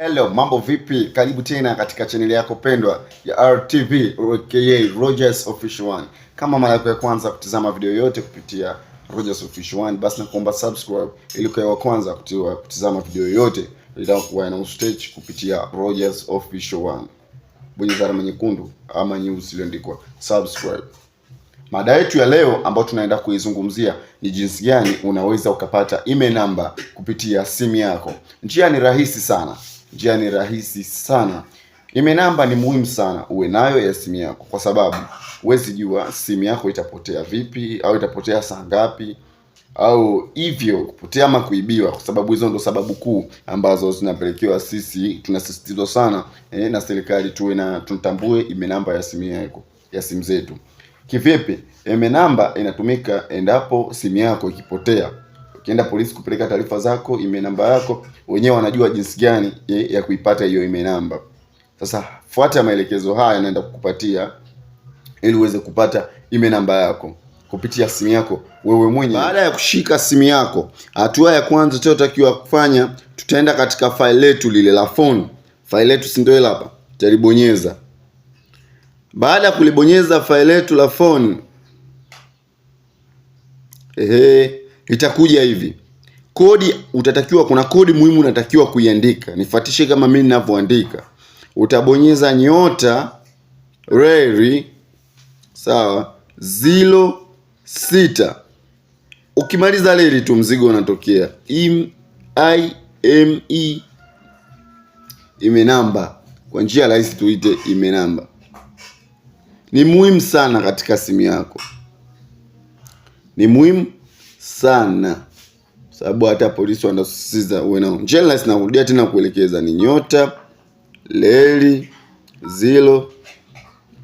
Hello, mambo vipi? Karibu tena katika chaneli yako pendwa ya RTV aka Rogers Official One. Kama mara yako ya kwanza kutizama video yote kupitia Rogers Official One, basi nakuomba subscribe ili ukae wa kwanza kutizama video yote itakuwa inahusu stage kupitia Rogers Official One. Bonyeza alama nyekundu ama nyeusi iliyoandikwa subscribe. Mada yetu ya leo ambayo tunaenda kuizungumzia ni jinsi gani unaweza ukapata email number kupitia simu yako. Njia ni rahisi sana. Njia ni rahisi sana. Ime namba ni muhimu sana uwe nayo ya simu yako, kwa sababu huwezi jua simu yako itapotea vipi au itapotea saa ngapi au hivyo kupotea ama kuibiwa, kwa sababu hizo ndo sababu kuu ambazo zinapelekewa sisi tunasisitizwa sana eh, na serikali tuwe na tutambue ime namba ya simu yako ya simu zetu. Kivipi? Ime namba inatumika endapo simu yako ikipotea ukienda polisi kupeleka taarifa zako, email namba yako, wenyewe wanajua jinsi gani e, ya kuipata hiyo email namba. Sasa fuata maelekezo haya naenda kukupatia ili uweze kupata email namba yako kupitia simu yako wewe mwenyewe. Baada ya kushika simu yako, hatua ya kwanza tutakiwa kufanya, tutaenda katika faili letu lile la phone. Faili letu si ndio ile hapa, tutalibonyeza. Baada ya kulibonyeza faili letu la phone, ehe itakuja hivi kodi utatakiwa, kuna kodi muhimu unatakiwa kuiandika, nifuatishe kama mimi ninavyoandika. Utabonyeza nyota reli sawa zilo sita. Ukimaliza reli tu mzigo unatokea im ime imenamba. Kwa njia rahisi tuite imenamba, ni muhimu sana katika simu yako, ni muhimu sana, sababu hata polisi wanasisitiza uwe nao. na kurudia tena kuelekeza ni nyota leli zilo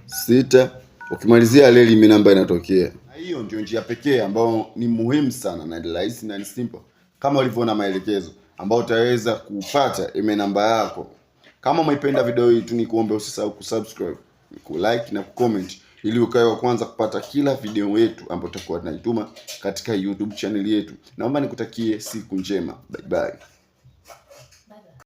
sita, ukimalizia leli mi namba inatokea. Hiyo ndio njia pekee ambayo ni muhimu sana na ni rahisi na ni simple, kama ulivyoona maelekezo ambayo utaweza kupata ime namba yako. Kama umeipenda video hii tu, nikuombe usisahau kusubscribe, kulike na kucomment ili ukawe wa kwanza kupata kila video yetu ambayo tutakuwa tunaituma katika YouTube channel yetu. Naomba nikutakie siku njema. Bye bye.